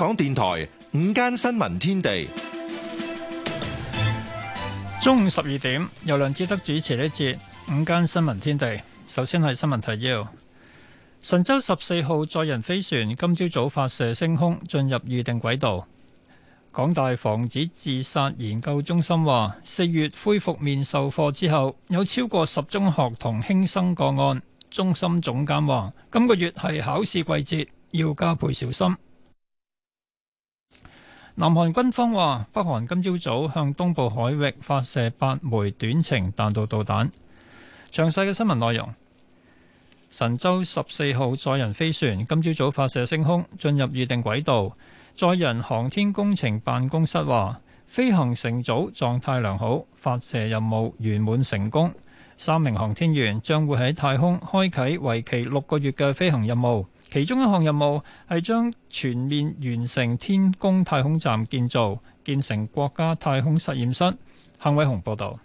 香港電台午間新聞天地，中午十二點由梁志德主持呢節午間新聞天地。首先係新聞提要：神舟十四號載人飛船今朝早，早發射升空，進入預定軌道。港大防止自殺研究中心話，四月恢復面授課之後，有超過十宗學童輕，輕生個案。中心總監話，今個月係考試季節，要加倍小心。南韓軍方話，北韓今朝早向東部海域發射八枚短程彈道導彈。詳細嘅新聞內容。神舟十四號載人飛船今朝早發射升空，進入預定軌道。載人航天工程辦公室話，飛行乘組狀態良好，發射任務圓滿成功。三名航天員將會喺太空開啓為期六個月嘅飛行任務。其中一項任務係將全面完成天宮太空站建造，建成國家太空實驗室。幸偉雄報道。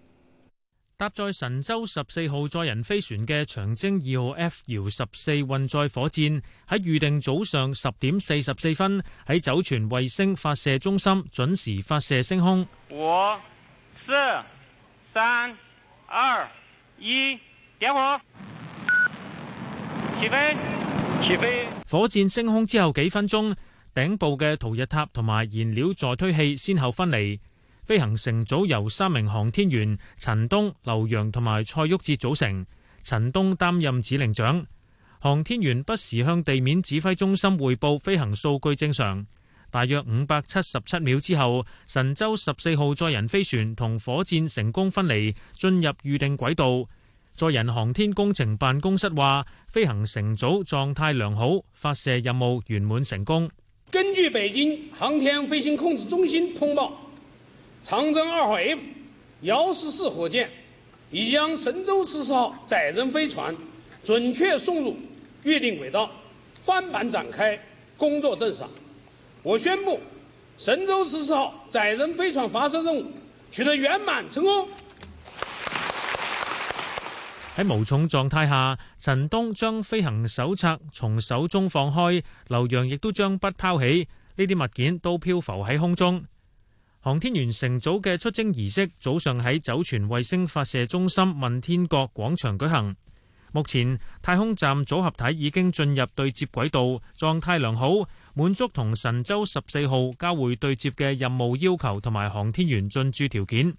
搭載神舟十四號載人飛船嘅長征二號 F 遙十四運載火箭喺預定早上十點四十四分喺酒泉衛星發射中心準時發射升空。五、四、三、二、一，點火，起飛。火箭升空之後幾分鐘，頂部嘅逃逸塔同埋燃料助推器先後分離。飛行乘組由三名航天員陳冬、劉洋同埋蔡旭哲組成，陳冬擔任指令長。航天員不時向地面指揮中心匯報飛行數據正常。大約五百七十七秒之後，神舟十四號載人飛船同火箭成功分離，進入預定軌道。載人航天工程辦公室話：飛行乘組狀態良好，發射任務圓滿成功。根據北京航天飛行控制中心通報，長征二號 F 遙十四火箭已將神舟十四號載人飛船準確送入預定軌道，帆板展開工作正常。我宣布，神舟十四號載人飛船發射任務取得圓滿成功。喺無重狀態下，陳冬將飛行手冊從手中放開，劉洋亦都將筆拋起，呢啲物件都漂浮喺空中。航天員乘組嘅出征儀式早上喺酒泉衛星發射中心問天閣廣場舉行。目前太空站組合體已經進入對接軌道，狀態良好，滿足同神舟十四號交會對接嘅任務要求同埋航天員進駐條件。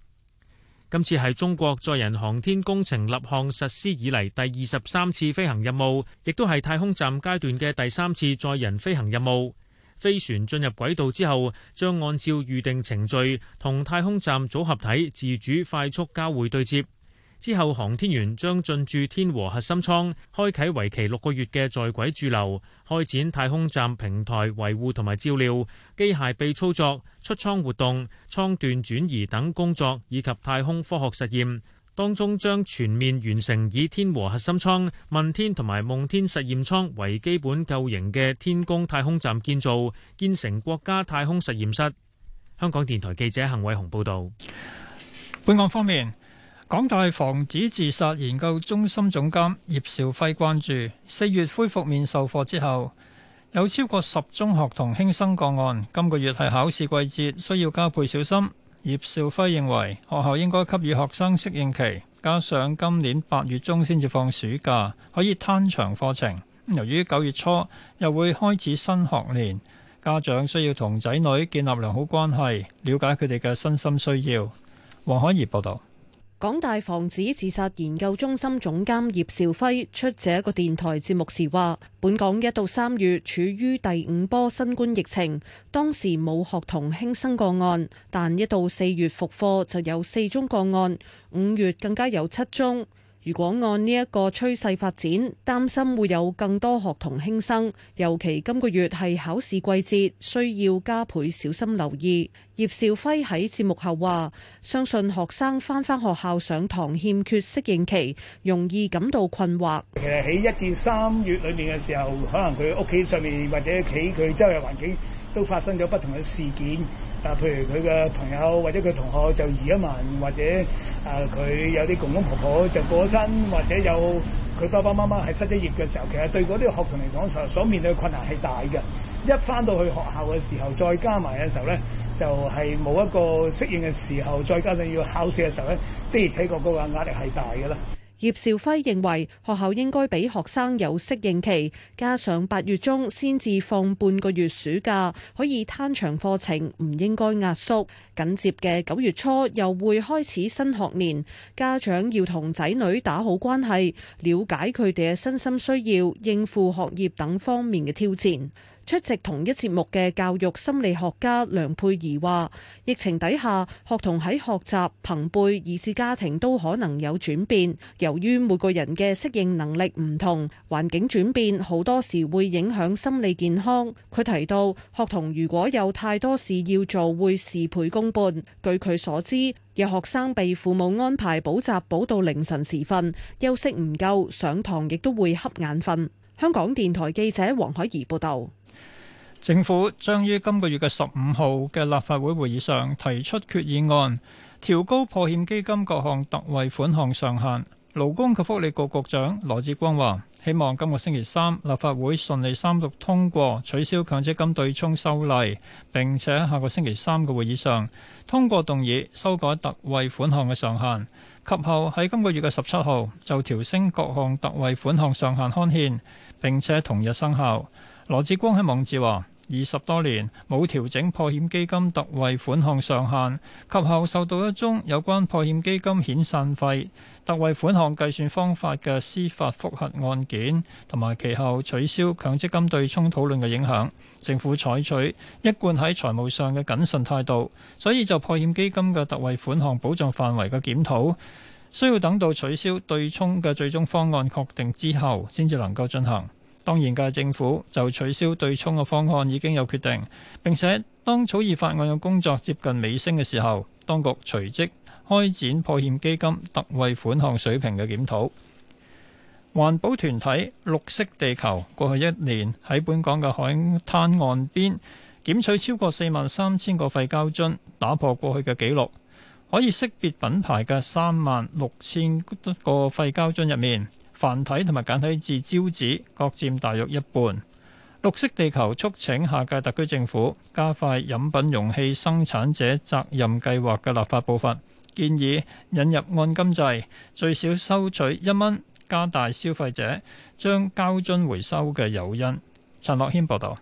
今次係中國載人航天工程立項實施以嚟第二十三次飛行任務，亦都係太空站階段嘅第三次載人飛行任務。飛船進入軌道之後，將按照預定程序同太空站組合體自主快速交會對接。之後，航天員將進駐天和核心艙，開啓為期六個月嘅在軌駐留，開展太空站平台維護同埋照料、機械臂操作、出艙活動、艙段轉移等工作，以及太空科學實驗。當中將全面完成以天和核心艙、問天同埋夢天實驗艙為基本構型嘅天宮太空站建造，建成國家太空實驗室。香港電台記者陳偉雄報道：「本港方面。港大防止自殺研究中心總監葉兆輝關注四月恢復面授課之後，有超過十宗學童輕生個案。今個月係考試季節，需要加倍小心。葉兆輝認為學校應該給予學生適應期，加上今年八月中先至放暑假，可以攤長課程。由於九月初又會開始新學年，家長需要同仔女建立良好關係，了解佢哋嘅身心需要。黃海怡報導。港大防止自殺研究中心總監葉兆輝出席一個電台節目時話：本港一到三月處於第五波新冠疫情，當時冇學童輕生個案，但一到四月復課就有四宗個案，五月更加有七宗。如果按呢一個趨勢發展，擔心會有更多學童輕生，尤其今個月係考試季節，需要加倍小心留意。葉兆輝喺節目後話，相信學生返返學校上堂欠缺適應期，容易感到困惑。其實喺一至三月裏面嘅時候，可能佢屋企上面或者喺佢周圍環境都發生咗不同嘅事件。啊，譬如佢嘅朋友或者佢同學就移咗民，或者啊佢有啲公公婆婆，婆婆就過身，或者有佢爸爸媽媽係失咗業嘅時候，其實對嗰啲學童嚟講實所面對嘅困難係大嘅。一翻到去學校嘅時候，再加埋嘅時候咧，就係、是、冇一個適應嘅時候，再加上要考試嘅時候咧，的而且確，確嗰個壓力係大嘅啦。葉兆輝認為，學校應該俾學生有適應期，加上八月中先至放半個月暑假，可以攤長課程，唔應該壓縮。緊接嘅九月初又會開始新學年，家長要同仔女打好關係，了解佢哋嘅身心需要，應付學業等方面嘅挑戰。出席同一節目嘅教育心理學家梁佩儀話，疫情底下，學童喺學習、朋輩以至家庭都可能有轉變。由於每個人嘅適應能力唔同，環境轉變好多時會影響心理健康。佢提到，學童如果有太多事要做，會事倍功半。據佢所知，有學生被父母安排補習，補到凌晨時分，休息唔夠，上堂亦都會瞌眼瞓。香港電台記者黃海怡報道。政府將於今個月嘅十五號嘅立法會會議上提出決議案，調高破欠基金各項特惠款項上限。勞工及福利局局長羅志光話：希望今個星期三立法會順利三讀通過取消強積金對沖修例，並且喺下個星期三嘅會議上通過動議修改特惠款項嘅上限。及後喺今個月嘅十七號就調升各項特惠款項上限刊憲，並且同日生效。羅志光喺網誌話。二十多年冇調整破險基金特惠款項上限，及後受到一宗有關破險基金遣散費特惠款項計算方法嘅司法覆核案件，同埋其後取消強積金對沖討論嘅影響，政府採取一貫喺財務上嘅謹慎態度，所以就破險基金嘅特惠款項保障範圍嘅檢討，需要等到取消對沖嘅最終方案確定之後，先至能夠進行。當現屆政府就取消對沖嘅方案已經有決定，並且當草擬法案嘅工作接近尾聲嘅時候，當局隨即開展破欠基金特惠款項水平嘅檢討。環保團體綠色地球過去一年喺本港嘅海灘岸邊檢取超過四萬三千個廢膠樽，打破過去嘅紀錄，可以識別品牌嘅三萬六千個廢膠樽入面。繁體同埋簡體字招紙各佔大約一半。綠色地球促請下屆特區政府加快飲品容器生產者責任計劃嘅立法步伐，建議引入按金制，最少收取一蚊，加大消費者將膠樽回收嘅誘因。陳樂軒報導。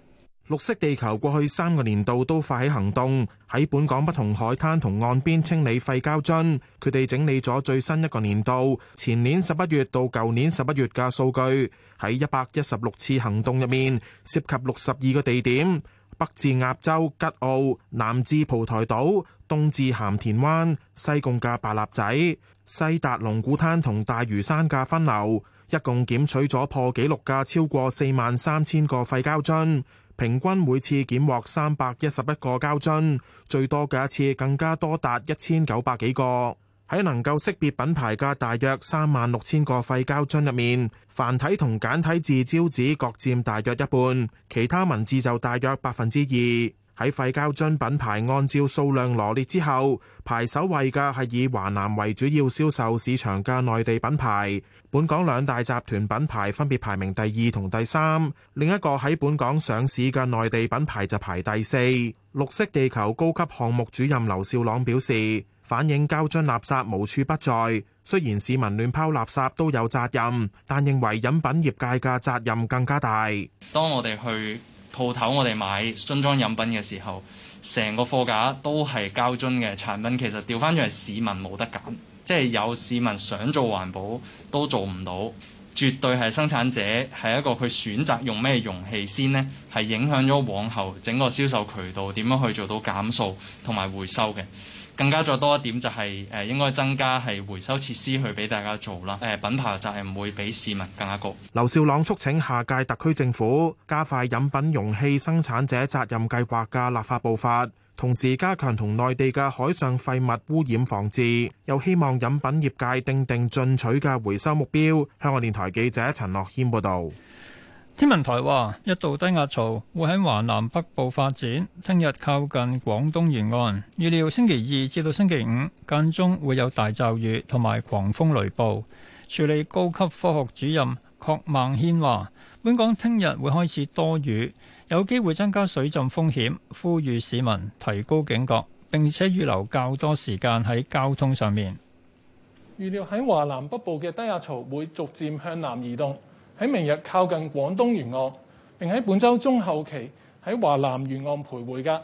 綠色地球過去三個年度都發起行動，喺本港不同海灘同岸邊清理廢膠樽。佢哋整理咗最新一個年度，前年十一月到舊年十一月嘅數據，喺一百一十六次行動入面，涉及六十二個地點，北至鴨洲吉澳，南至蒲台島，東至咸田灣，西貢嘅白蠟仔，西達龍鼓灘同大嶼山嘅分流，一共檢取咗破紀錄嘅超過四萬三千個廢膠樽。平均每次檢獲三百一十一個膠樽，最多嘅一次更加多達一千九百幾個。喺能夠識別品牌嘅大約三萬六千個廢膠樽入面，繁體同簡體字招紙各佔大約一半，其他文字就大約百分之二。喺廢膠樽品牌按照數量羅列之後，排首位嘅係以華南為主要銷售市場嘅內地品牌。本港兩大集團品牌分別排名第二同第三，另一個喺本港上市嘅內地品牌就排第四。綠色地球高級項目主任劉少朗表示，反映膠樽垃垃圾無處不在。雖然市民亂拋垃圾都有責任，但認為飲品業界嘅責任更加大。當我哋去。鋪頭我哋買樽裝飲品嘅時候，成個貨架都係膠樽嘅產品。其實調翻轉係市民冇得揀，即係有市民想做環保都做唔到。絕對係生產者係一個佢選擇用咩容器先呢？係影響咗往後整個銷售渠道點樣去做到減數同埋回收嘅。更加再多一點就係誒應該增加係回收設施去俾大家做啦。誒品牌就係唔會比市民更加高。劉少朗促請下屆特區政府加快飲品容器生產者責任計劃嘅立法步伐，同時加強同內地嘅海上廢物污染防治。又希望飲品業界訂定進取嘅回收目標。香港電台記者陳樂軒報導。天文台話，一道低壓槽會喺華南北部發展，聽日靠近廣東沿岸。預料星期二至到星期五間中會有大驟雨同埋狂風雷暴。助理高級科學主任郝孟謙話，本港聽日會開始多雨，有機會增加水浸風險，呼籲市民提高警覺，並且預留較多時間喺交通上面。預料喺華南北部嘅低壓槽會逐漸向南移動。喺明日靠近廣東沿岸，並喺本週中後期喺華南沿岸徘徊㗎。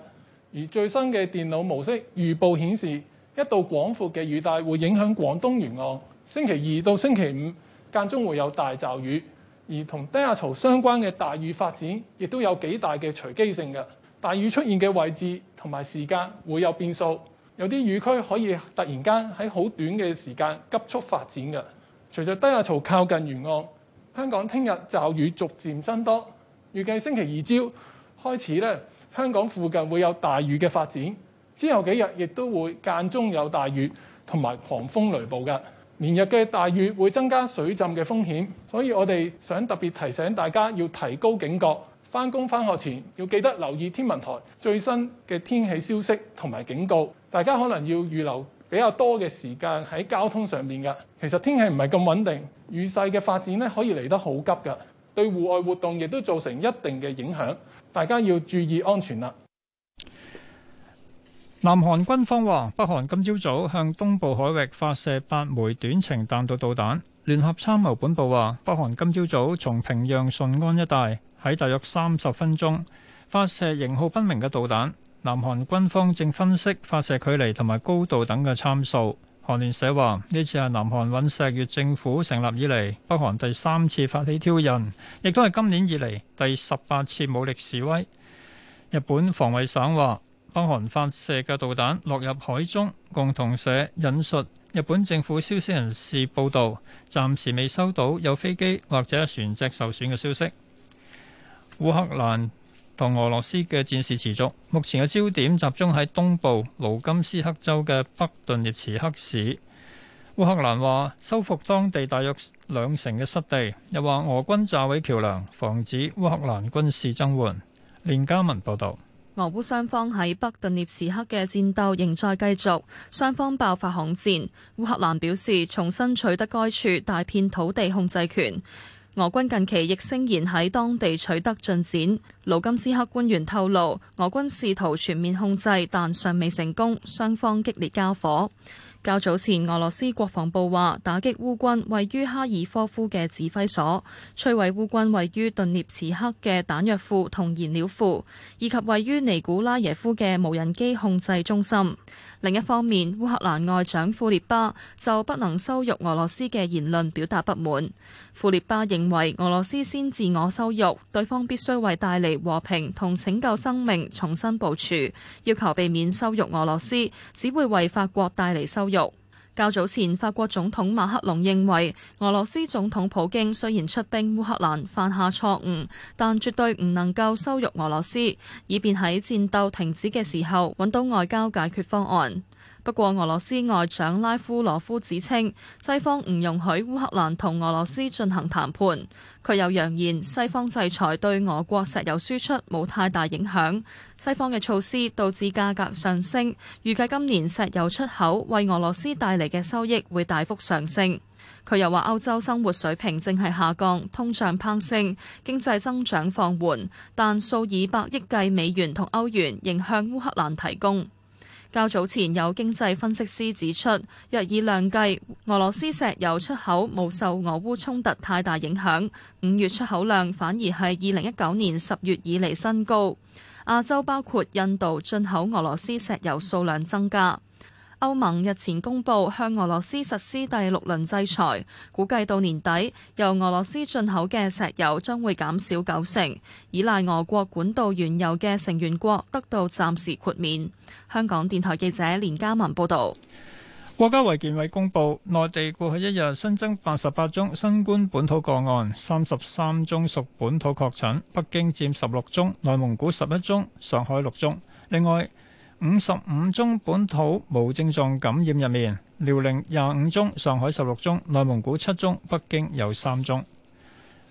而最新嘅電腦模式預報顯示，一道廣闊嘅雨帶會影響廣東沿岸，星期二到星期五間中會有大驟雨。而同低壓槽相關嘅大雨發展，亦都有幾大嘅隨機性嘅大雨出現嘅位置同埋時間會有變數，有啲雨區可以突然間喺好短嘅時間急速發展㗎。隨著低壓槽靠近沿岸。香港聽日驟雨逐漸增多，預計星期二朝開始呢，香港附近會有大雨嘅發展。之後幾日亦都會間中有大雨同埋狂風雷暴㗎。連日嘅大雨會增加水浸嘅風險，所以我哋想特別提醒大家要提高警覺。翻工翻學前要記得留意天文台最新嘅天氣消息同埋警告。大家可能要預留比較多嘅時間喺交通上面㗎。其實天氣唔係咁穩定。雨勢嘅發展咧，可以嚟得好急嘅，對戶外活動亦都造成一定嘅影響，大家要注意安全啦。南韓軍方話，北韓今朝早，早向東部海域發射八枚短程彈道導彈。聯合參謀本部話，北韓今朝早從平壤順安一帶喺大約三十分鐘發射型號不明嘅導彈。南韓軍方正分析發射距離同埋高度等嘅參數。韓聯社話：呢次係南韓尹錫悅政府成立以嚟，北韓第三次發起挑釁，亦都係今年以嚟第十八次武力示威。日本防衛省話，北韓發射嘅導彈落入海中。共同社引述日本政府消息人士報道，暫時未收到有飛機或者船隻受損嘅消息。烏克蘭同俄羅斯嘅戰事持續，目前嘅焦點集中喺東部盧甘斯克州嘅北頓涅茨克市。烏克蘭話收復當地大約兩成嘅失地，又話俄軍炸毀橋梁，防止烏克蘭軍事增援。連嘉文報導，俄烏雙方喺北頓涅茨克嘅戰鬥仍在繼續，雙方爆發巷戰。烏克蘭表示重新取得該處大片土地控制權。俄軍近期亦聲言喺當地取得進展。盧金斯克官員透露，俄軍試圖全面控制，但尚未成功，雙方激烈交火。較早前，俄羅斯國防部話，打擊烏軍位於哈爾科夫嘅指揮所，摧毀烏軍位於頓涅茨克嘅彈藥庫同燃料庫，以及位於尼古拉耶夫嘅無人機控制中心。另一方面，烏克蘭外長庫列巴就不能羞辱俄羅斯嘅言論表達不滿。庫列巴認為俄羅斯先自我羞辱，對方必須為帶嚟和平同拯救生命重新部署，要求避免羞辱俄羅斯，只會為法國帶嚟羞辱。較早前，法國總統馬克龍認為，俄羅斯總統普京雖然出兵烏克蘭犯下錯誤，但絕對唔能夠羞辱俄羅斯，以便喺戰鬥停止嘅時候搵到外交解決方案。不過，俄羅斯外長拉夫羅夫指稱，西方唔容許烏克蘭同俄羅斯進行談判。佢又揚言，西方制裁對俄國石油輸出冇太大影響。西方嘅措施導致價格上升，預計今年石油出口為俄羅斯帶嚟嘅收益會大幅上升。佢又話，歐洲生活水平正係下降，通脹攀升，經濟增長放緩，但數以百億計美元同歐元仍向烏克蘭提供。較早前有經濟分析師指出，若以量計，俄羅斯石油出口冇受俄烏衝突太大影響，五月出口量反而係二零一九年十月以嚟新高。亞洲包括印度進口俄羅斯石油數量增加。歐盟日前公布向俄羅斯實施第六輪制裁，估計到年底由俄羅斯進口嘅石油將會減少九成。依賴俄國管道原油嘅成員國得到暫時豁免。香港電台記者連家文報道。國家衛健委公布，內地過去一日新增八十八宗新冠本土個案，三十三宗屬本土確診，北京佔十六宗，內蒙古十一宗，上海六宗。另外，五十五宗本土無症狀感染入面，遼寧廿五宗，上海十六宗，內蒙古七宗，北京有三宗。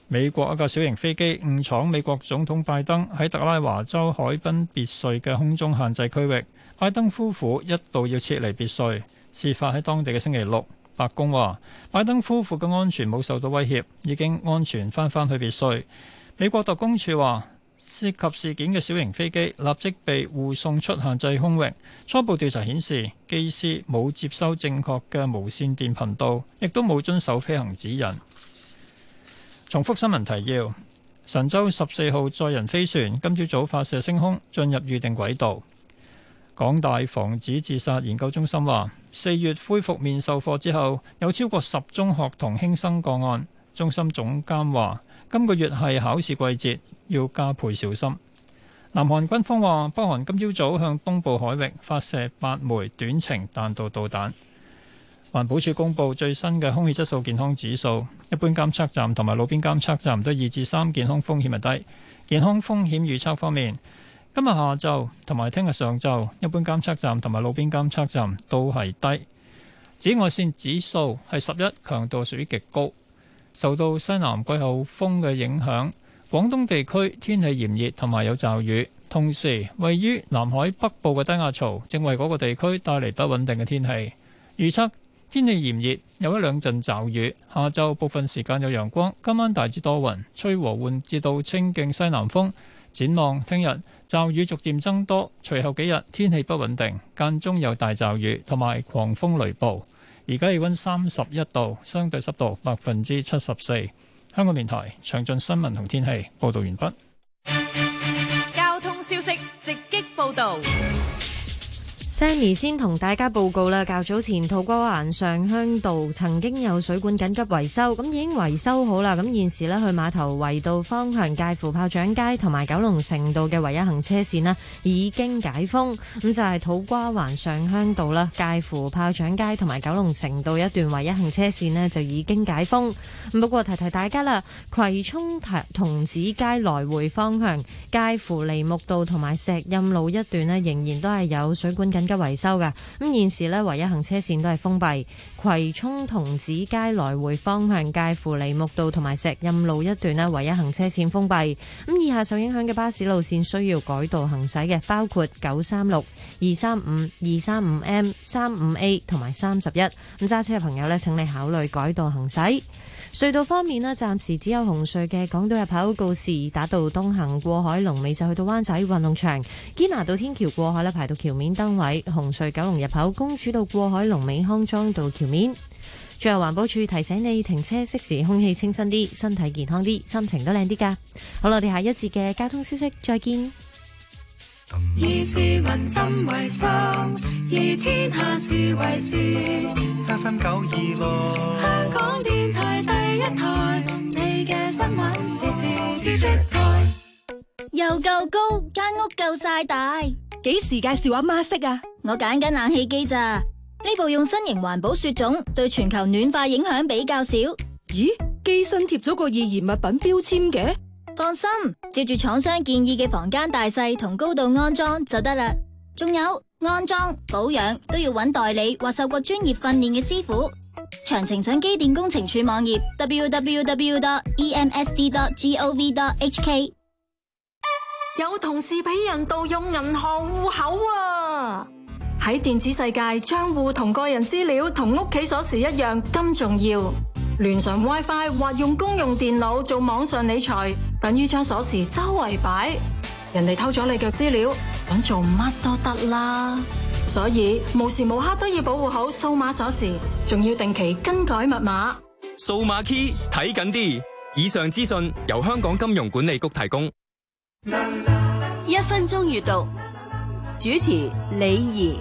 美國一架小型飛機誤闖美國總統拜登喺特拉華州海濱別墅嘅空中限制區域，拜登夫婦一度要撤離別墅。事發喺當地嘅星期六，白宮話拜登夫婦嘅安全冇受到威脅，已經安全返返去別墅。美國特工處話。涉及事件嘅小型飛機立即被護送出限制空域。初步調查顯示，機師冇接收正確嘅無綫電頻道，亦都冇遵守飛行指引。重複新聞提要：神舟十四號載人飛船今朝早早發射升空，進入預定軌道。港大防止自殺研究中心話，四月恢復面授課之後，有超過十宗學童輕生個案。中心總監話。今個月係考試季節，要加倍小心。南韓軍方話，北韓今朝早向東部海域發射八枚短程彈道導彈。環保署公布最新嘅空氣質素健康指數，一般監測站同埋路邊監測站都二至三，健康風險係低。健康風險預測方面，今日下晝同埋聽日上晝，一般監測站同埋路邊監測站都係低。紫外線指數係十一，強度屬於極高。受到西南季候風嘅影響，廣東地區天氣炎熱同埋有驟雨。同時，位於南海北部嘅低壓槽正為嗰個地區帶嚟不穩定嘅天氣。預測天氣炎熱，有一兩陣驟雨。下晝部分時間有陽光，今晚大致多雲，吹和緩至到清勁西南風。展望聽日驟雨逐漸增多，隨後幾日天氣不穩定，間中有大驟雨同埋狂風雷暴。而家氣溫三十一度，相對濕度百分之七十四。香港電台詳盡新聞同天氣報道完畢。交通消息直擊報道。Sammy 先同大家報告啦，較早前土瓜灣上鄉道曾經有水管緊急維修，咁已經維修好啦。咁現時呢，去碼頭圍道方向介乎炮仗街同埋九龍城道嘅唯一行車線呢已經解封，咁就係、是、土瓜灣上鄉道啦，介乎炮仗街同埋九龍城道一段唯一行車線呢就已經解封。不過提提大家啦，葵涌同子街來回方向介乎梨木道同埋石蔭路一段呢，仍然都係有水管緊嘅維修嘅。咁現時呢，唯一行車線都係封閉。葵涌同子街來回方向介乎梨木道同埋石蔭路一段呢，唯一行車線封閉。咁以下受影響嘅巴士路線需要改道行駛嘅，包括九三六、二三五、二三五 M、三五 A 同埋三十一。咁揸車嘅朋友呢，請你考慮改道行駛。隧道方面咧，暫時只有紅隧嘅港島入口告士打道東行過海龍尾就去到灣仔運動場，堅拿道天橋過海咧排到橋面燈位，紅隧九龍入口公主道過海龍尾康莊道橋面。最後環保署提醒你停車熄匙，空氣清新啲，身體健康啲，心情都靚啲噶。好啦，我哋下一節嘅交通消息，再見。以市民心為心，以天下事為事。八分九二六，香港電台第一台，你嘅新聞時事知識台。又夠高，間屋夠晒大。幾時介紹阿媽識啊？我揀緊冷氣機咋？呢部用新型環保雪種，對全球暖化影響比較少。咦？機身貼咗個易燃物品標籤嘅？放心，照住廠商建議嘅房間大細同高度安裝就得啦。仲有安裝保養都要揾代理或受過專業訓練嘅師傅。詳情上機電工程處網頁 www.emsd.gov.hk。有同事俾人盜用銀行戶口啊！喺電子世界，賬戶同個人資料同屋企鎖匙一樣咁重要。連上 WiFi 或用公用電腦做網上理財，等於將鎖匙周圍擺，人哋偷咗你嘅資料，噉做乜都得啦。所以無時無刻都要保護好數碼鎖匙，仲要定期更改密碼。數碼 key 睇緊啲。以上資訊由香港金融管理局提供。一分鐘閱讀，主持李儀。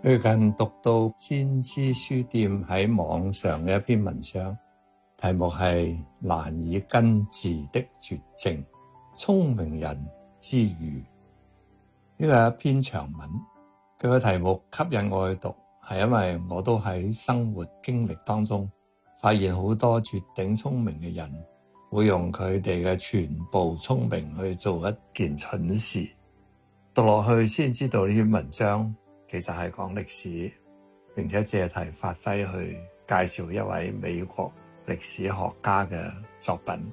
最近讀到先知書店喺網上嘅一篇文章，題目係難以根治的絕症，聰明人之愚。呢個係一篇長文，佢個題目吸引我去讀，係因為我都喺生活經歷當中發現好多絕頂聰明嘅人會用佢哋嘅全部聰明去做一件蠢事。讀落去先知道呢篇文章。其實係講歷史，並且借題發揮去介紹一位美國歷史學家嘅作品。